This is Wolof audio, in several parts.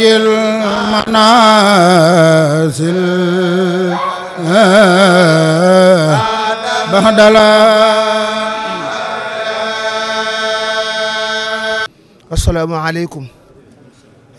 ولي المنازل بعد eh, لا asalaamaaleykum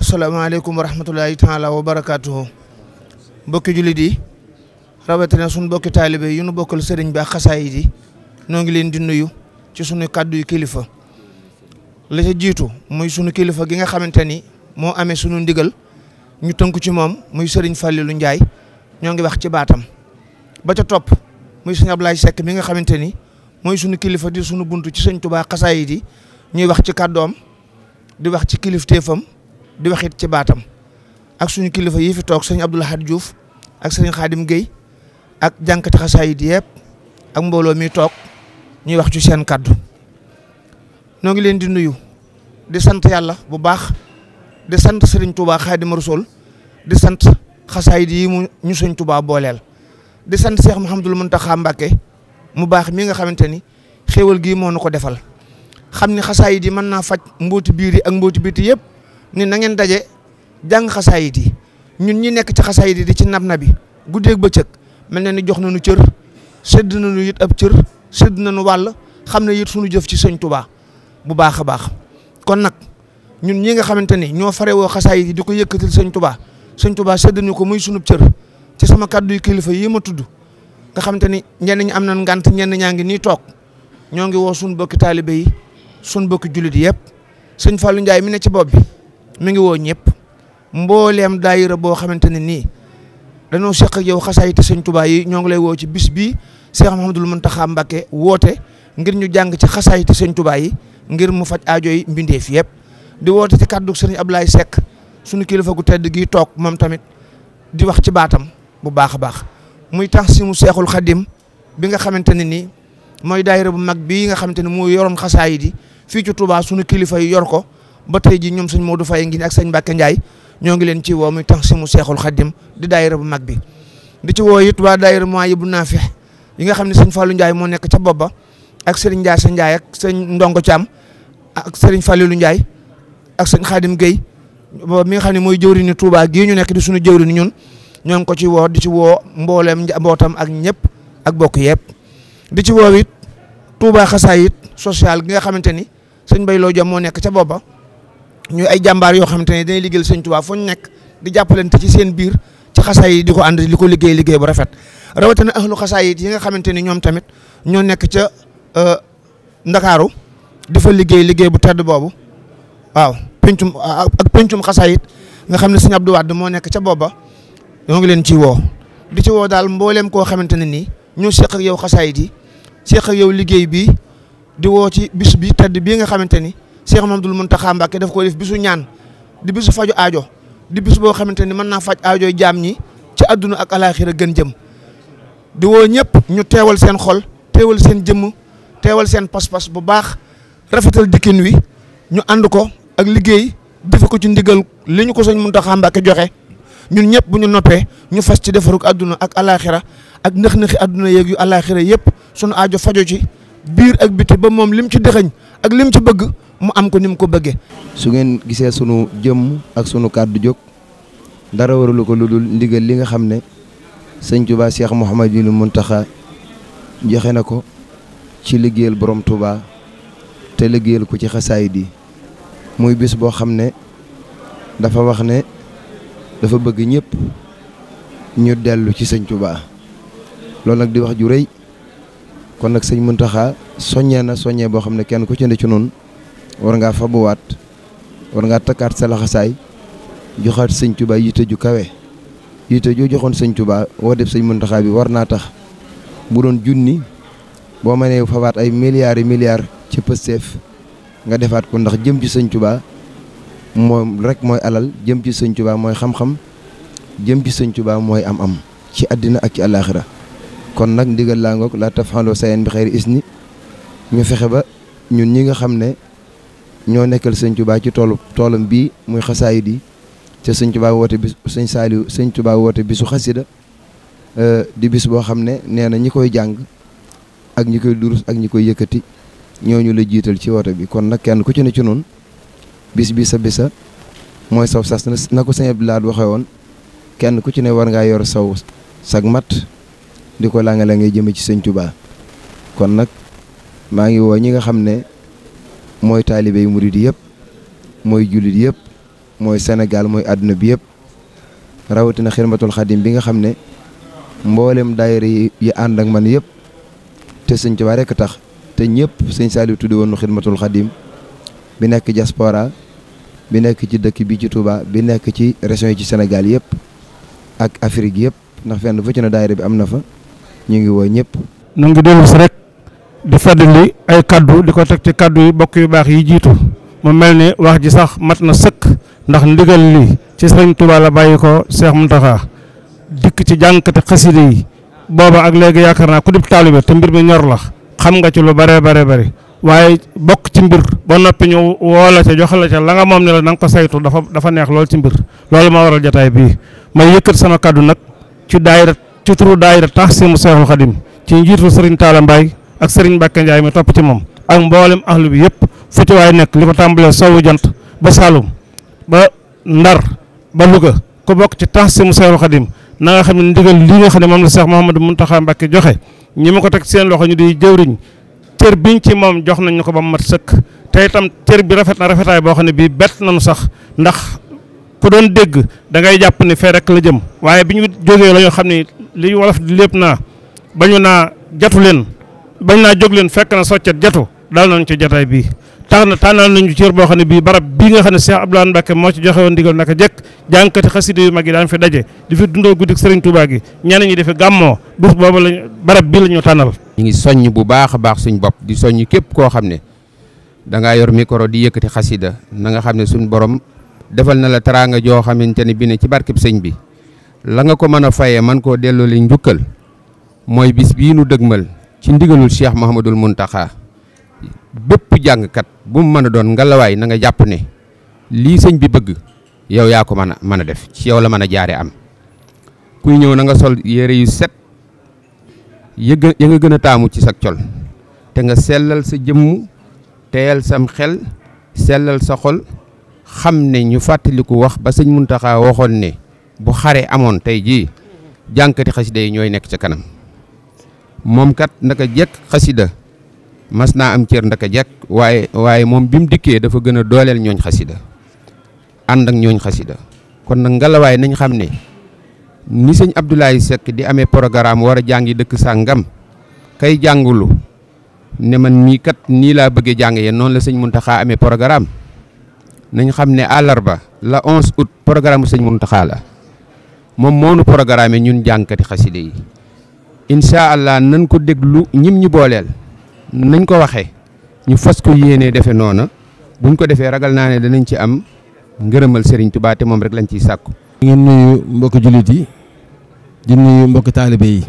asalaamaaleykum wa rahmatulahi taala wa barakaatuhu mbokki jullit yi rawatina sunu taalibe yi nu bokkal sëriñ bi ak xasaayid yi noo ngi leen di nuyu ci sunu kàddu yu kilifa la jiitu muy sunu kilifa gi nga xamante ni moo amee sunu ndigal ñu tënku ci moom muy Serigne Fallilou njaay ñoo ngi wax ci baatam ba ca topp muy sëñ Ablaye Seck mi nga xamante ni mooy sunu kilifa di sunu buntu ci sëñ Touba xasaay yi ñuy wax ci kàddoom di wax ci kilifteefam di waxit ci baatam ak suñu kilifa yi fi toog sëñ Abdoul Ahad Diouf ak sëñ Khadim Gueye ak jànkati xasaay yi yëpp ak mbooloo mi toog ñuy wax ci seen kàddu noo ngi leen di nuyu di sant yàlla bu baax. di sant Serigne Touba Khadim Rasoul di sant xasaayid yi mu ñu Serigne Touba booleel di sant Cheikh Mouhamadul Mountakha Mbacké mu baax mi nga xamante ni xéewal gii moo nu ko defal xam ni xasaayid yi mën naa faj mbooti biir yi ak mbooti biti yëpp ni na ngeen daje jàng yi ñun ñi nekk ci xasaayid yi di ci nab nabi guddeeg bëccëg mel na ni jox nañu cër sëdd nañu it ab cër sëdd nañu wàll xam ne it suñu jëf ci Sëñ tubaa bu baax a baax kon nag ñun ñi nga xamante ni ñoo farewoo xasaay yi di ko yëkkatil sëñ tubaa sëñ tubaa sedd ñu ko muy sunub cër ci sama kàddu yu kilifa yi ma tudd nga xamante ni ñenn am na ngant ñenn ñaa ngi nii toog ñoo ngi woo suñu bokki taalibe yi suñu bokki jullit yëpp sëñ Fallou Ndiaye mi ne ci bopp bi mi ngi woo ñëpp mbooleem daayira boo xamante ne nii dañoo seq ak yow xasaay te sëñ tubaa yi ñoo ngi lay woo ci bis bii Cheikh Mouhamadoul Mountakha Mbacké woote ngir ñu jàng ci xasaay te sëñ yi ngir mu faj aajo yi mbindeef yëpp di woote ci kàddu sëriñ Ablaye Seck suñu kilifa gu tedd gi toog moom tamit di wax ci baatam bu baax a baax muy tax si mu seexul xadim bi nga xamante ne nii mooy daayira bu mag bii nga xamante ne moo yoroon xasaayid yi fii ci Touba suñu kilifa yi yor ko ba tey ji ñoom sëñ Modou Faye ngi ak sëñ Mbacke Ndiaye ñoo ngi leen ci woo muy tax si mu seexul xadim di daayira bu mag bi di ci woo it waa daayira mooy bu naafi yi nga xam ne sëñ Fallou Ndiaye moo nekk ca ba ak sëriñ Ndiaye sa Ndiaye ak sëñ Ndongo Thiam ak sëriñ Fallou Ndiaye ak sëñ Xaadim Guèye mi nga xam ne mooy jëwriñu tuubaa gii ñu nekk di suñu jëwriñ ñun ñoo ngi ko ci woo di ci woo mbooleem mbootam ak ñëpp ak bokk yëpp di ci woo it Touba xasaayit social gi nga xamante ni sëñ Bay Loo Jom moo nekk ca booba ñuy ay jàmbaar yoo xamante ni dañuy liggéeyal sëñ Touba fu nekk di jàppalante ci seen biir ci xasaayit di ko ànd di ko liggéey liggéey bu rafet rawatina ahlu xasaayit yi nga xamante ni ñoom tamit ñoo nekk ca euh, Ndakaaru di fa liggéey liggéey bu tedd boobu waaw pencum ak pencum xasaayit nga xam ne sëñ Abdou Wade moo nekk ca booba ñoo ngi leen ci woo di ci woo daal mbooleem koo xamante ne nii ñu seq ak yow xasaayit yi seq yow liggéey bii di woo ci bis bi tedd bii nga xamante ni Cheikh Mamadou Mountakha Mbacké daf ko def bisu ñaan di bisu faju aajo di bis boo xamante ni mën naa faj aajo jaam ñi ci àdduna ak a gën jëm di woo ñëpp ñu teewal seen xol teewal seen jëmm teewal seen pas-pas bu baax rafetal dikkin wi ñu ànd ko ak liggéey defe ko ci ndigal li ñu ko sëñ Muntaxa Mbàkke joxe ñun ñëpp bu ñu noppee ñu fas ci defarug àdduna ak alaaxira ak nëx-nëxi àdduna yeeg yu alaaxira yëpp sunu ajo fajo ci biir ak biti ba moom lim ci dëxëñ ak lim ci bëgg mu am ko ni mu ko bëggee. su ngeen gisee sunu jëmm ak sunu kàddu jóg dara waralu ko lu dul ndigal li nga xam ne sëñ tubaa yi Cheikh Mouhamadul taxa joxe na ko ci liggéeyal borom tubaa te liggéeyal ko ci xasaayid yi muy bis boo xam ne dafa wax ne dafa bëgg ñëpp ñu dellu ci sëñ Touba loolu nag di wax ju rëy kon nag sëñ Mountakha soññee na soññee boo xam ne kenn ku ci ne ci noonu war ngaa fabuwaat war ngaa takkaat sa laxasaay joxaat sëñ Touba yitte ju kawe yitte joo joxoon sëñ Touba woo def sëñ muntaxaa bi war naa tax bu doon junni boo mënee fabaat ay milliards et milliards ci pësteef nga defaat ko ndax jëm ci sëñ Tuubaa moom rek mooy alal jëm ci sëñ Tuubaa mooy xam-xam jëm ci sëñ Tuubaa mooy am-am ci àddina ak ci àllaaxira kon nag ndigal laa ngoog laa tafxandoo sayeen bi xëyri is ni ñu fexe ba ñun ñi nga xam ne ñoo nekkal sëñ Tuubaa ci toolu toolam bii muy xasaayid di te sëñ baa woote bis sëñ Saaliw sëñ Tuubaa woote bisu xasida euh, di bis boo xam ne nee na ñi koy jàng ak ñi koy durus ak ñi koy yëkkati ñooñu la jiital ci woto bi kon nag kenn ku ci ne ci noonu bis bi sa bisa mooy saw sas na ko sëñ Abdou Lahad waxee woon kenn ku ci ne war ngaa yor saw sag mat di ko langa la ngay jëme ci sëñ Touba kon nag maa ngi woo ñi nga xam ne mooy taalibe yi murid yëpp mooy jullit yëpp mooy Sénégal mooy àdduna bi yëpp rawatina xidmatul xadim bi nga xam ne mboolem daayira yi ànd ak man yëpp te sëñ Touba rekk tax te ñëpp sëñ Saliou tudde woon xidmatul xadim bi nekk diaspora bi nekk ci dëkk bi ci Touba bi nekk ci région yi ci Sénégal yëpp ak Afrique yëpp ndax fenn fu na ne bi am na fa ñu ngi woo ñëpp. ñu ngi dellu si rek di fàttali ay kaddu di ko teg ci kàddu yi bokk yu baax yi jiitu mu mel ni wax ji sax mat na sëkk ndax ndigal li ci sëñ Touba la bàyyi ko Cheikh Mountakha dikk ci jànkate xaside yi booba ak léegi yaakaar naa ku dib taalibe te mbir mi ñor la. xam nga ci lu bare bare bari waaye bokk ci mbir ba noppi ñu woo la ca jox la ca la nga moom ne la na ko saytu dafa dafa neex lool ci mbir loolu ma waral jataay bii may yëkkat sama kàddu nag ci daay daayira ci turu daayira Tahsinu Seexul Xadim ci njiitu Serigne Talla Mbaye ak Serigne Mbacke njaay mi topp ci moom ak mboolem ahlu bi yëpp fu ci waay nekk li ko tàmbalee sowu jant ba Saloum ba Ndar ba Louga ku bokk ci Tahsinu Seexul Xadim na nga xam ne ndigal li nga xam ne moom la Seex Mouhamadou Mountakha Mbacké ñi ma ko teg seen loxo ñu di jëwriñ cër biñ ci moom jox nañ ñu ko ba mu mat sëkk te itam cër bi rafet na rafetaay boo xam ne bii bett nañu sax ndax ku doon dégg dangay jàpp ne fee rek la jëm waaye bi ñu jógee la ñoo xam ne li wolof di lépp naa bañu naa jatu leen bañ naa jóg leen fekk na soccet jatu dal nañ ci jataay bii tax na tànnal nañu cër boo xam ne bii barab bii nga xam ne Cheikh Abdoulaye Mbacke moo ci joxe woon ndigal naka jekk jàngkati xasida yu mag yi daan fi daje di fi dundoo guddik Serigne Touba gi ñeneen ñi defe gàmmoo bés boobu lañ barab bii la ñu tànnal ñu ngi soññ bu baax a baax suñ bopp di soññ képp koo xam ne dangaa yor micro di yëkkati xasida nanga xam ne suñ borom defal na la teraanga joo xamante ne bii ne ci barkeb sëñ bi la nga ko mën a fayee man koo delloo li njukkal mooy bis bii nu dëgmal ci ndigalul Cheikh Mouhamadoul Mountakha bépp jàngkat bu mu mën a doon ngalawaay na nga jàpp ne lii sëñ bi bëgg yow yaa ko mën a mën a def ci yow la mën a jaare am kuy ñëw nanga sol yére yu set yëg ya nga gën a taamu ci sa col te nga sellal sa jëmm teyal sam xel sellal sa xol xam ne ñu fàttaliku wax ba sëñ Muntaxa waxoon ne bu xare amoon tey jii jànkati xasida yi ñooy nekk ca kanam moom kat naka jekk xasida mas naa am cër ndaka jekk waaye waaye moom bi mu dikkee dafa gën a dooleel ñooñ xasida ànd ak ñooñ xasida kon nag ngelawaay nañ xam ne ni sëñ Abdoulaye Seck di amee programme war a jàngi dëkk sàngam kay jàngulu ne man mii kat nii laa bëggee jàng yéen noonu la sëñ Muntaxa amee programme nañ xam ne àllarba la 11 août programme sëñ Muntaxa la moom moonu programme ñun jàngkati xasida yi incha allah nañ ko déglu ñim ñu booleel. nañ ko waxee ñu fas ko yéenee defe noona buñ ko defee ragal naa ne danañ ci am ngërëmal sëriñ Touba te moom rek lañ ciy sàkku. di ngeen nuyu mbokki jullit yi di nuyu mbokki taalibe yi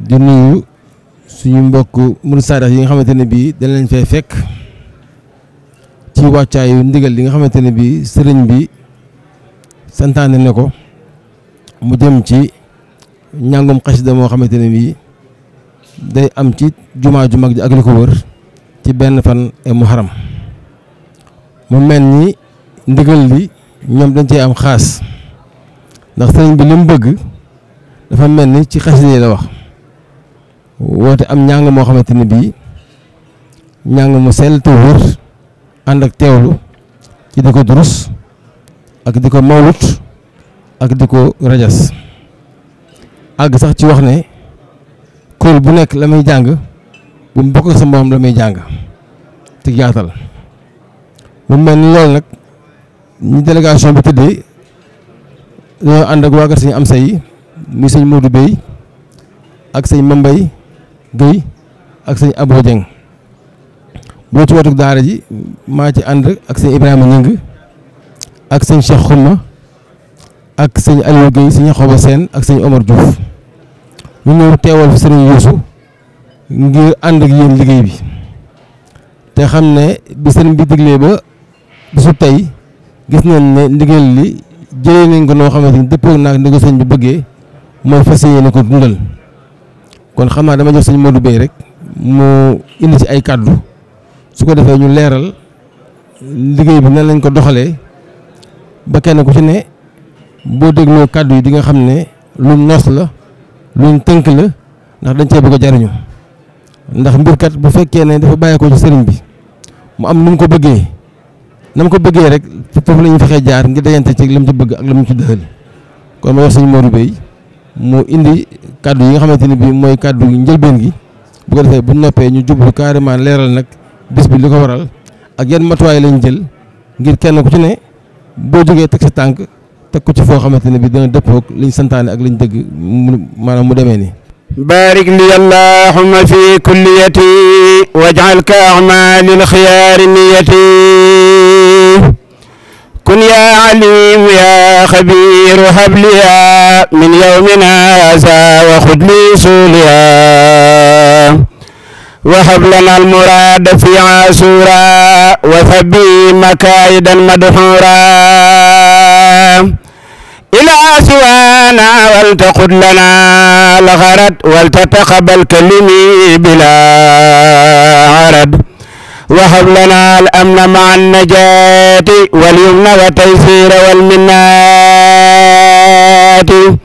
di nuyu suñu mbokk murid saadax yi nga xamante ne bii dana lañ fay fekk ci wàccaayu li nga xamante ne bii sëriñ bi santaane ne ko mu jëm ci ñàngum xasida moo xamante ne bii day am ci jumaa ju mag ji ak li ko wër ci benn fan e muharam mu mel ni ndigal li ñoom dañ cee am xaas ndax sëriñ bi li bëgg dafa mel ni ci xasida la wax woote am ñàng moo xamante ni bii ñàng mu sell te wër ànd ak teewlu ci di ko durus ak di ko mawlut ak di ko rajas àgg sax ci wax ne kuréel bu nekk la muy jàng bu mu bokk sa morom la muy jàng ci yaatal mu mel ni loolu nag ñu délégation bi tëddee dañoo ànd ak waa kër sëñ am sa yi muy sëñ ak sëñ Mambay Guèye ak sëñ Abo Dieng boo ci wetu daara ji maa ci ànd ak sëñ Ibrahima Ñing ak sëñ Cheikh ak sëñ Aliou Guèye sëñ Xoba Seen ak sëñ Omar Diouf ñu ñëw teewal fi sëriñ Youssou ngir ànd ak yéen liggéey bi te xam ne bi sëriñ bi diglee ba su tey gis nañ ne ndigal li jëlee nañ ko noo xamante ni dëppoo naag ni ko sëñ bi bëggee moo fas yéene ko dundal kon xam naa dama jox sëñ Modou Bey rek mu indi si ay kàddu su ko defee ñu leeral liggéey bi nan lañ ko doxalee ba kenn ku ci ne boo dégloo kàddu yi di nga xam ne lu noos la. luñ tënk la ndax dañ cee bëgg a jariñu ndax mbir bu fekkee ne dafa bàyyeekoo ci sëriñ bi mu am nu mu ko bëggee na mu ko bëggee rek foofu la ñuy fexee jaar ngir dajante ci lam ci bëgg ak lam ci dëxal kon ma wax sëñ Modou Bey mu indi kàddu yi nga xamante ni bii mooy kàddu njëlbeen gi bu ko defee bu noppee ñu jublu carrément leeral nag bis bi li ko waral ak yan matuwaay lañ jël ngir kenn ku ci ne boo jógee teg sa tànk. teg ko ci foo xamante ne bi dana dëppoog liñ santaane ak liñ dëgg mu maanaam mu demee nii barik li allahumma fi kulliyati waj'al ka a'malil xiyaari niyati kun ya alim ya xabir habliya min yawmina haza wa xud li suuliya wa hablana almurada fi asura وثبي مكايدا مدحورا إلى سوانا ولتقد لنا الغرد ولتتقبل كلمي بلا عرد وهب لنا الأمن مع النجاة واليمن والتيسير والمنات